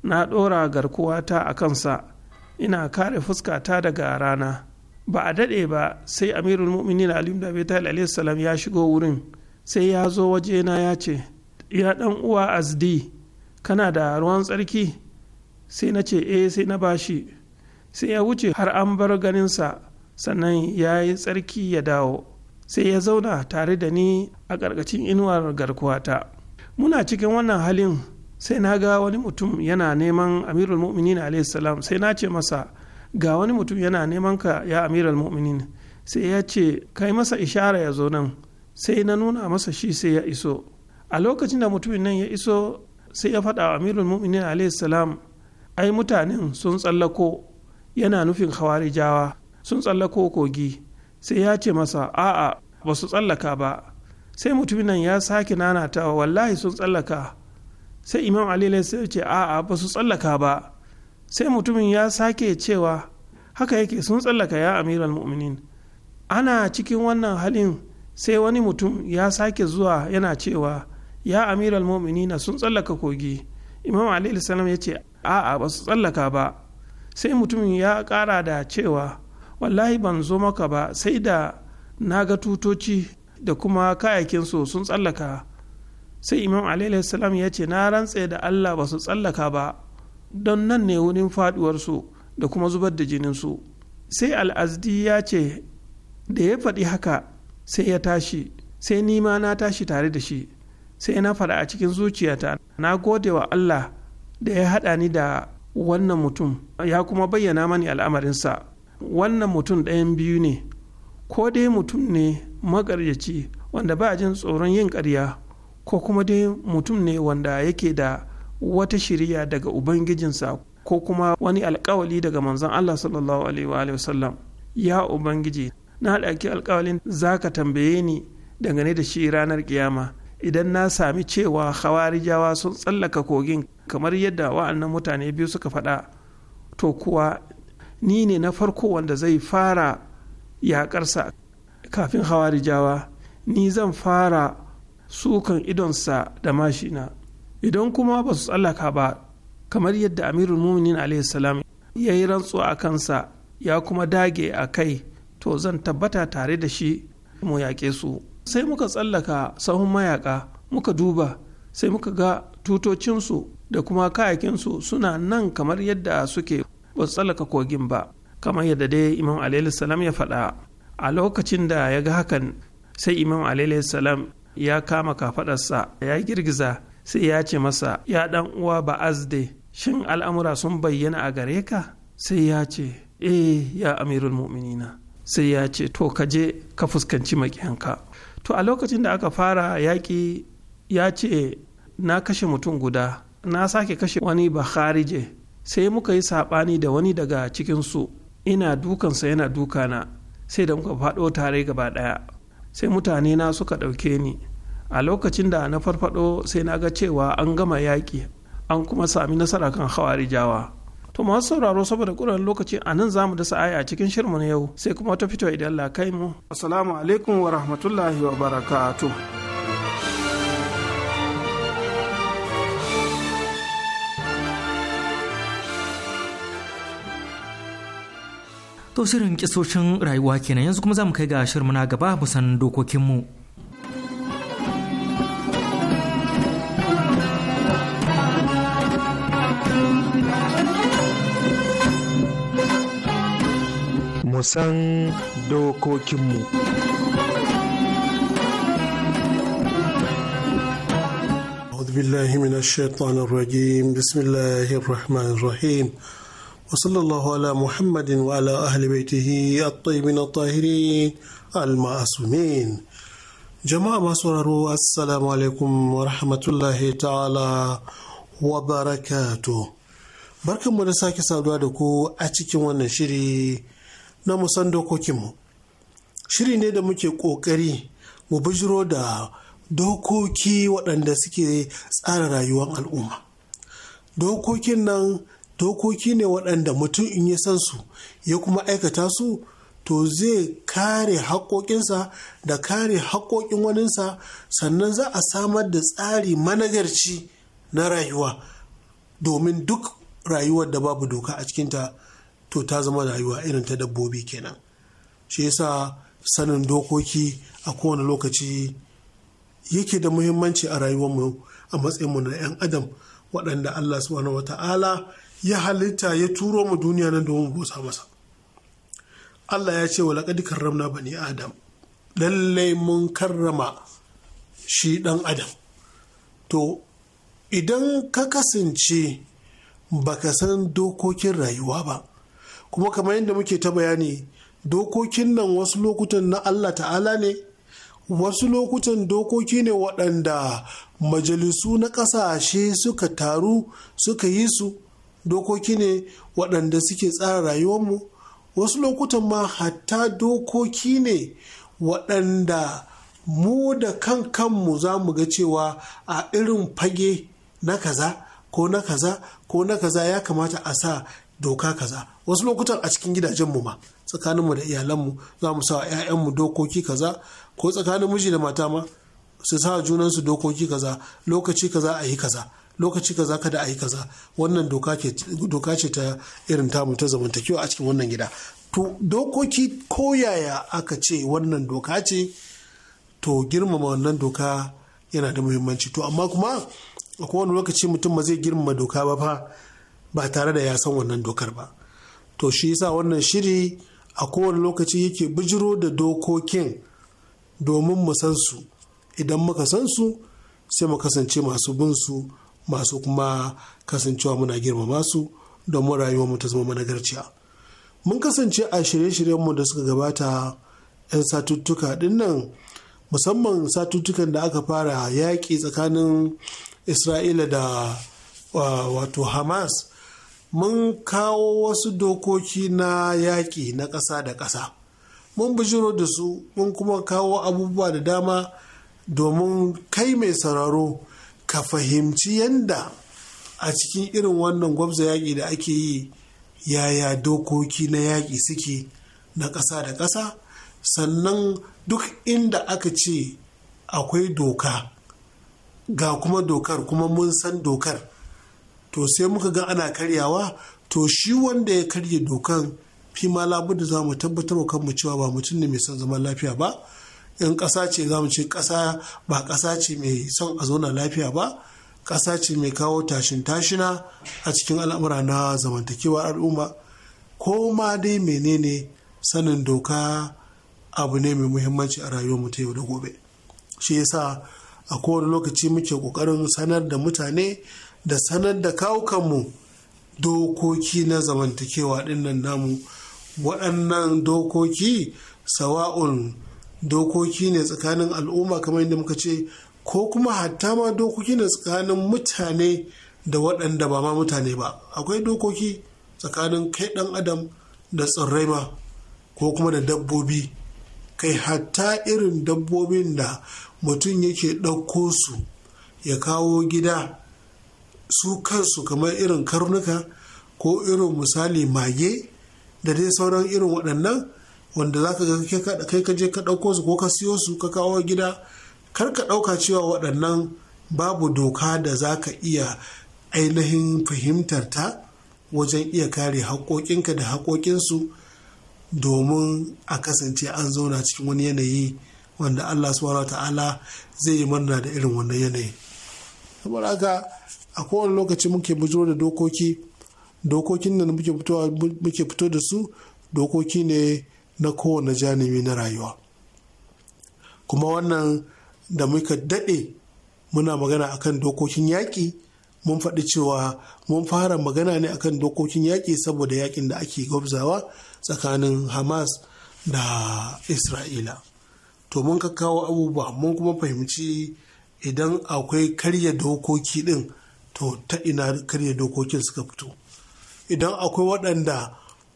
na ɗora garkuwata a kansa ina kare fuskata daga rana ba a daɗe ba sai amirul mu'minin alim da salam ya shigo wurin sai ya zo wajena ya ce ya ɗan uwa azdi kana da ruwan tsarki sai na ce e sai na bashi sai ya wuce har an bar ganinsa sannan ya yi tsarki ya dawo sai ya zauna tare da ni a ƙarƙashin inuwar garkuwata muna cikin wannan halin sai na ga wani mutum yana neman amirul mu'minin alaihi salam sai na ce masa ga wani mutum yana neman ka ya amirul mu'minin sai ya ce kai masa ishara ya zo nan sai na nuna masa shi sai ya iso a lokacin da mutumin nan ya iso sai ya faɗa wa amirul mu'minin alaihi salam ai mutanen sun tsallako yana nufin hawarijawa sun tsallako kogi sai ya ce masa a'a ba su tsallaka ba sai mutumin nan ya sake nanatawa wallahi sun tsallaka sai imam ali sai ce a'a ba su tsallaka ba sai mutumin ya sake cewa haka yake sun tsallaka ya al mu'minin ana cikin wannan halin sai wani mutum ya sake zuwa yana cewa ya al-mu'minin sun tsallaka kogi imam ali salam ya ce a'a ba su tsallaka ba sai mutumin ya kara da cewa wallahi ban zo maka ba sai da na ga tutoci da kuma kayakinsu sun tsallaka sai imam salam ya ce na rantse da allah ba su tsallaka ba don nan ne wurin faduwarsu da kuma zubar da jininsu sai al'azdi ya ce da ya faɗi haka sai ya tashi sai ni ma na tashi tare da shi sai na faɗa a cikin zuciyata na gode wa allah da ya haɗa ni da wannan mutum ya kuma bayyana mani al'amarinsa wannan mutum ɗayan biyu ne ko dai mutum ne magaryaci wanda ba jin tsoron yin ƙarya ko kuma dai mutum ne wanda yake da wata shirya daga ubangijinsa ko kuma wani alkawali daga manzon Allah sallallahu alaihi wa sallam ya ubangiji na haɗaki alkawalin za ka tambaye ni dangane da shi ranar kiyama idan na sami cewa hawarijawa sun tsallaka kogin kamar yadda wa'annan mutane biyu suka faɗa to kuwa ni ne na farko wanda zai fara yaƙarsa kafin hawarijawa ni zan fara sukan idonsa da mashina idan kuma ba su tsallaka ba kamar yadda amirul muminin alaihissalam ya yi rantsuwa a kansa ya kuma dage a kai to zan tabbata tare da shi mu yaƙe su sai muka tsallaka sahun mayaka muka duba sai muka ga tutocinsu da kuma kayakinsu suna nan kamar yadda suke ba su tsallaka kogin ba kamar yadda dai imam alaihissalam ya faɗa a lokacin da ya ga hakan sai imam alaihissalam ya kama kafadarsa ya girgiza sai ya ce masa ya ɗan uwa ba azde shin al'amura sun bayyana a gare ka sai ya ce eh ya amirul mu'minina sai ya ce to ka je ka fuskanci makiyanka to a lokacin da aka fara yaƙi ya ce na kashe mutum guda na sake kashe wani bakharije sai muka yi saɓani da wani daga cikinsu ina dukansa yana dukana sai da muka faɗo tare gaba ɗaya sai mutane na suka ɗauke ni a lokacin da na farfado sai na ga cewa an gama yaƙi an kuma sami nasara kan hawarijawa to masu sauraro saboda kuran lokaci a nan za mu dasa aya a cikin shirmu na yau sai kuma ta fito idan la kai mu assalamu alaikum wa rahmatullahi wa barakatuh
To shirin kisoshin rayuwa kenan yanzu kuma za mu kai ga shirmu na gaba musan dokokinmu.
Musan dokokinmu. أعوذ بالله من الشيطان الرجيم بسم الله الرحمن الرحيم وصلى الله على محمد وعلى أهل بيته الطيبين الطاهرين المعصومين jama'a masu sauraro assalamu alaikum wa rahmatullahi ta'ala wa barkan mu da sake saduwa da ku a cikin wannan shiri na musan dokokinmu shiri ne da muke ƙoƙari mu bijiro da dokoki waɗanda suke tsara rayuwar al'umma dokokin nan dokoki ne waɗanda mutum in ya san su ya kuma aikata su to zai kare haƙoƙinsa da kare haƙoƙin waninsa sannan za a samar da tsari managarci na rayuwa domin duk rayuwar da babu doka a cikinta to ta zama rayuwa irin ta dabbobi kenan shi yasa sanin dokoki a kowane lokaci yake da muhimmanci a rayuwar mu a matsayinmu na 'yan adam waɗanda allah subhanahu ta'ala. ya halitta ya turo mu duniya nan domin busa masa Allah ya ce wa karramna bani adam lallai mun karrama shi ɗan adam to idan ka kasance baka san dokokin rayuwa ba kuma kamar yadda muke ta bayani dokokin nan wasu lokutan na Allah ta'ala ne wasu lokutan dokoki ne waɗanda majalisu na ƙasashe suka taru suka yi su dokoki ne waɗanda suke tsara rayuwar mu wasu lokutan ma hatta dokoki ne waɗanda mu da kan kanmu za mu ga cewa a irin fage na kaza ko na kaza ko na kaza ya kamata a sa doka kaza wasu lokutan a cikin gidajenmu ma tsakaninmu da iyalanmu za mu sa 'ya'yanmu dokoki kaza ko tsakanin miji da mata ma su sa junansu dokoki kaza lokaci kaza a yi kaza lokaci kaza kada a yi kaza wannan doka ce ta irin tamu ta zamantakewa a cikin wannan gida to dokoki koyaya aka ce wannan doka ce to girmama wannan doka yana da muhimmanci to amma kuma a kowane lokaci mutum ba zai girmama doka ba fa ba tare da ya san wannan dokar ba to shi yasa wannan shiri a kowane lokaci yake bijiro da dokokin domin mu san su idan muka san su sai mu kasance masu bin su masu kuma kasancewa muna girmama su domin mu ta zama managarciya mun kasance a shirye-shiryenmu da suka gabata 'yan satuttuka dinnan musamman satuttukan da aka fara yaƙi tsakanin isra'ila da wato hamas mun kawo wasu dokoki na yaƙi na ƙasa da ƙasa mun bijiro da su mun kuma kawo abubuwa da dama domin kai mai sauraro ka fahimci yadda a cikin irin wannan gwabza yaƙi da ake yi yaya dokoki na yaƙi suke na ƙasa da ƙasa sannan duk inda aka ce akwai doka ga kuma dokar kuma mun san dokar to sai muka ga ana karyawa to shi wanda ya karya dokan fi ma da za mu tabbatar wa kanmu cewa ba mutum ne mai son zaman lafiya ba in ƙasa ce za mu ce ƙasa ba ƙasa ce mai son a zauna lafiya ba ƙasa ce mai kawo tashin tashina a cikin al'amura na zamantakewa al'umma ko ma dai menene sanin doka abu ne mai muhimmanci a rayuwarmu ta yau da gobe shi yasa a kowane lokaci muke ƙoƙarin sanar da mutane da sanar da kawukanmu dokoki na zamantakewa ɗinnan namu waɗannan dokoki sawa'un dokoki ne tsakanin al'umma kamar yadda muka ce ko kuma hatta ma dokoki ne tsakanin mutane da waɗanda ba ma mutane ba akwai dokoki tsakanin kai ɗan adam da tsirrai ma ko kuma da dabbobi kai hatta irin dabbobin da mutum yake ɗauko su ya kawo gida su kansu kamar irin karnuka ko irin misali mage da dai sauran irin waɗannan wanda za ka ga kai ka je ka ɗauko su ko ka siyo su ka kawo gida kar ka ɗauka cewa waɗannan babu doka da za ka iya ainihin fahimtar ta wajen iya kare haƙoƙinka da haƙoƙinsu domin a kasance an zauna cikin wani yanayi wanda Allah subhanahu ta'ala zai yi murna da irin wannan yanayi saboda haka a kowane lokaci muke bujo da dokoki dokokin da muke fito da su dokoki ne na kowane janimi na rayuwa kuma wannan da muka daɗe muna magana akan dokokin yaƙi mun faɗi cewa mun fara magana ne akan dokokin yaƙi saboda yaƙin da ake gwabzawa tsakanin hamas da isra'ila to mun kawo abubuwa mun kuma fahimci idan akwai karya dokoki ɗin to ta ina karya dokokin suka fito idan akwai waɗanda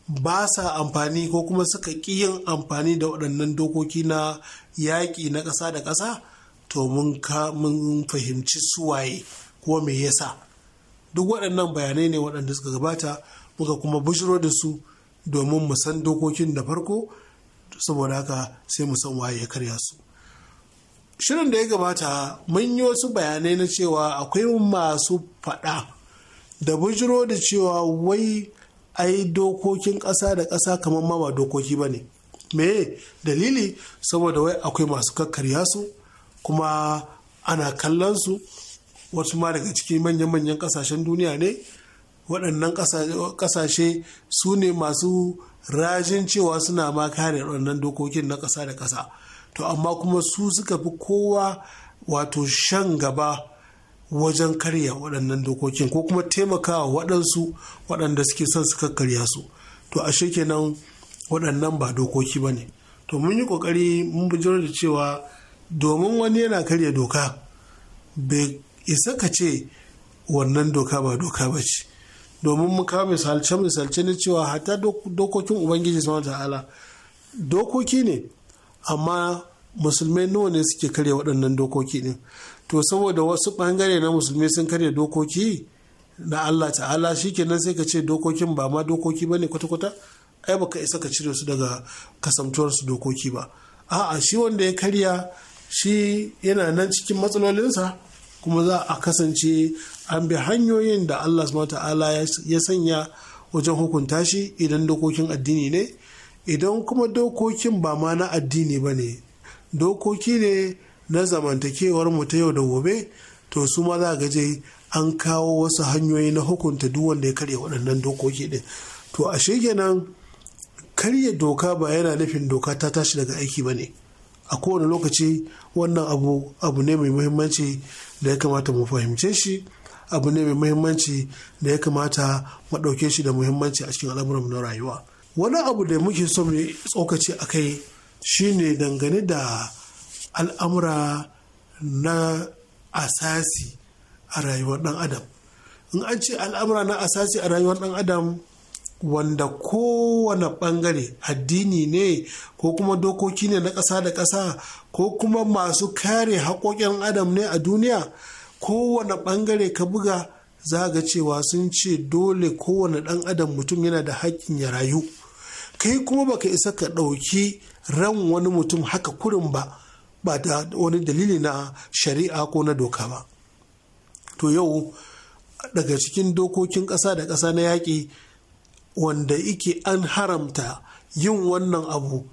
ba sa amfani ko kuma suka ƙi yin amfani da waɗannan dokoki na yaƙi na ƙasa da ƙasa to mun fahimci suwaye ko me yasa duk waɗannan bayanai ne waɗanda suka gabata muka kuma bujiro da su domin mu san dokokin da farko saboda haka sai mu san waye ya karya su shirin da ya gabata mun yi wasu bayanai na cewa akwai masu faɗa da bujiro da cewa wai ai dokokin ƙasa da ƙasa kamar ma ba dokoki ba ne me dalili saboda wai akwai masu kakkarya su kuma ana kallon su wasu ma daga cikin manyan-manyan ƙasashen duniya ne waɗannan ƙasashe su ne masu rajin cewa suna ma kare waɗannan dokokin na ƙasa da ƙasa to amma kuma su suka fi kowa wato shan gaba wajen karya waɗannan dokokin ko kuma taimakawa waɗansu waɗanda suke son su karya su to ashe kenan waɗannan ba dokoki ba ne to mun yi ƙoƙari mun bujiro da cewa domin wani yana karya doka bai isa ka ce wannan doka ba doka ba ce domin mun kawo misalce misalce na cewa hatta dokokin ubangiji sama ta'ala dokoki ne amma musulmai nawa ne suke karya waɗannan dokoki ne? to saboda wasu bangare na musulmi sun karya dokoki na Allah ta'ala shi shikenan sai ka ce dokokin ba ma dokoki ba ne kwata-kwata ai baka isa ka cire su daga kasamtuwar su dokoki ba a'a shi wanda ya karya shi yana nan cikin matsalolinsa kuma za a kasance an bi hanyoyin da Allah ta'ala ya sanya wajen hukunta shi idan dokokin addini ne idan kuma dokokin ba ma na addini ba ne dokoki ne na zamantakewar mu ta yau da gobe to su ma za gaje an kawo wasu hanyoyi na hukunta duk wanda ya karya waɗannan dokoki ɗin to ashe kenan karya doka ba yana nufin doka ta tashi daga aiki ba ne a kowane lokaci wannan abu abu ne mai muhimmanci da ya kamata mu fahimce shi abu ne mai muhimmanci da ya kamata mu ɗauke shi da muhimmanci a cikin al'amuranmu na rayuwa wani abu da muke so mu tsokaci a kai shine dangane da al'amura na asasi a rayuwar ɗan adam in an ce al'amura na asasi a rayuwar ɗan adam wanda kowane ɓangare addini ne ko kuma dokoki ne na ƙasa da ƙasa ko kuma masu kare haƙoƙin adam ne a duniya kowane ɓangare ka buga za ga cewa sun ce dole kowane ɗan adam mutum yana da haƙƙin ya rayu kai kuma baka isa ka ɗauki ran wani mutum haka kurin ba ba da wani dalili na shari'a ko na doka ba to yau daga cikin dokokin ƙasa da ƙasa na yaƙi wanda ike an haramta yin wannan abu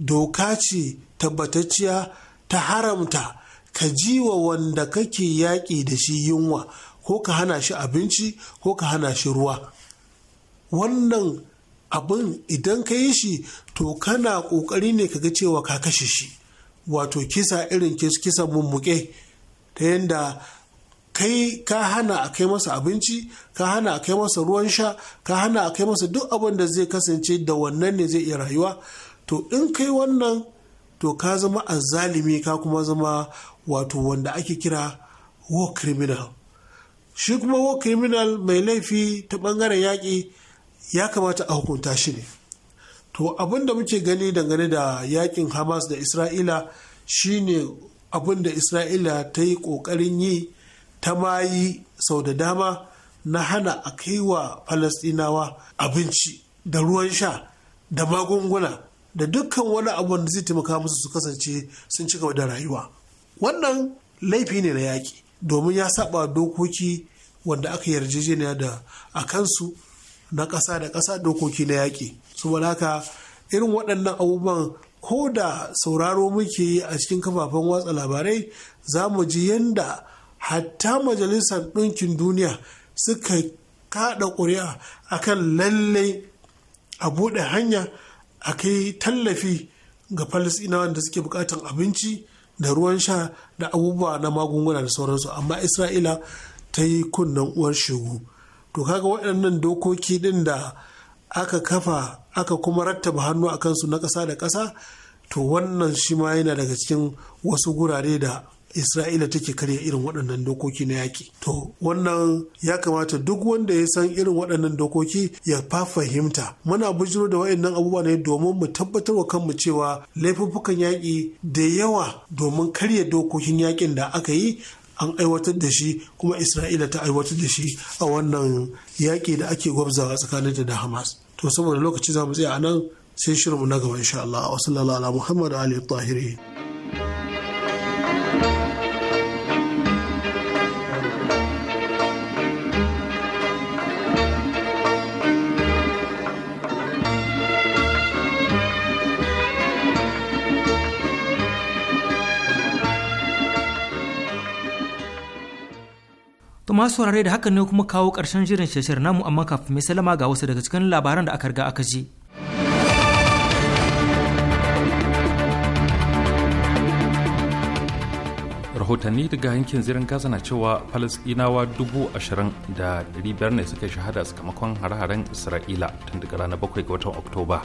doka ce tabbatacciya ta haramta ka ji wa wanda kake yaƙi da shi yunwa ko ka hana shi abinci ko ka hana shi ruwa wannan abin idan ka yi shi to kana ƙoƙari ne ka ga cewa ka kashe shi wato kisa irin kisa mummuke ta yadda kai ka hana a kai masa abinci ka hana a kai masa ruwan sha ka hana a kai masa duk abin da zai kasance da wannan ne zai iya rayuwa to in kai wannan to ka zama zalimi ka kuma zama wato wanda ake kira war criminal shi kuma war criminal mai laifi ta bangaren yaƙi ya kamata a hukunta shi ne to abin da muke gani dangane da yakin hamas da isra'ila shine abin da isra'ila ta yi ƙoƙarin yi ta mayi sau da dama na hana a kai wa falastinawa abinci da ruwan sha da magunguna da dukkan wani abu da zai taimaka musu su kasance sun ci gaba da rayuwa wannan laifi ne na yaƙi domin ya saba dokoki wanda aka yarjejeniya da a kansu na ƙasa da ƙasa dokoki na yaƙi Su balaka, irin waɗannan abubuwan ko da sauraro muke yi a cikin kafafen watsa labarai za mu ji yadda hatta majalisar ɗinkin duniya suka kaɗa ƙuri'a a kan lallai a buɗe hanya a kai tallafi ga falisina da suke buƙatar abinci da ruwan sha da abubuwa na magunguna da sauransu amma isra'ila ta yi kunnen uwar shegu to kaga waɗannan dokoki ɗin da aka kafa aka kuma rattaba hannu a kansu na ƙasa da ƙasa to wannan shi ma yana daga cikin wasu gurare da isra'ila take karya irin waɗannan dokoki na yaƙi to wannan ya kamata duk wanda ya san irin waɗannan dokoki ya fahimta muna bujiro da waɗannan abubuwa ne domin mu tabbatar wa kanmu cewa laifuffukan yaƙi da yawa domin karya dokokin yaƙin da aka yi an aiwatar da shi kuma isra'ila ta aiwatar da shi a wannan yaƙi da ake gwabzawa tsakaninta da hamas to saboda lokaci za mu tsaya a nan sai shirinmu na gaba insha Allah wa sallallahu ala Muhammad Ali Tahiri.
masu saurare da hakan ne kuma kawo karshen jirin shirye-shiryen namu amma kafin mai salama ga wasu daga cikin labaran da aka riga aka ji.
rahotanni daga yankin zirin gaza na cewa falasɗinawa dubu ashirin da ɗari biyar ne suka shahada sakamakon hare-haren isra'ila tun daga ranar bakwai ga watan oktoba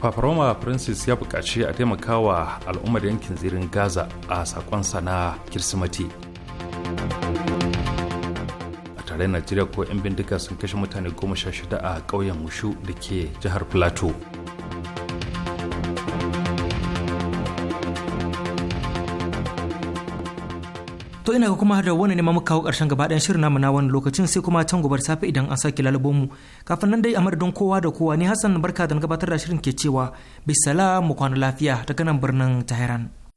fafaroma francis ya buƙaci a taimakawa al'ummar yankin zirin gaza a sakonsa na kirsimati a tare najeriya ko 'yan bindiga sun kashe mutane goma sha shida a ƙauyen wushu da ke jihar plateau
to ina ga kuma da wani ne muka kawo karshen gaba ɗayan shirin namu na wani lokacin sai kuma can gobar safe idan an sake lalubo mu kafin nan dai a madadin kowa da kowa ni Hassan barka da gabatar da shirin ke cewa bisala mu kwana lafiya daga nan birnin Tehran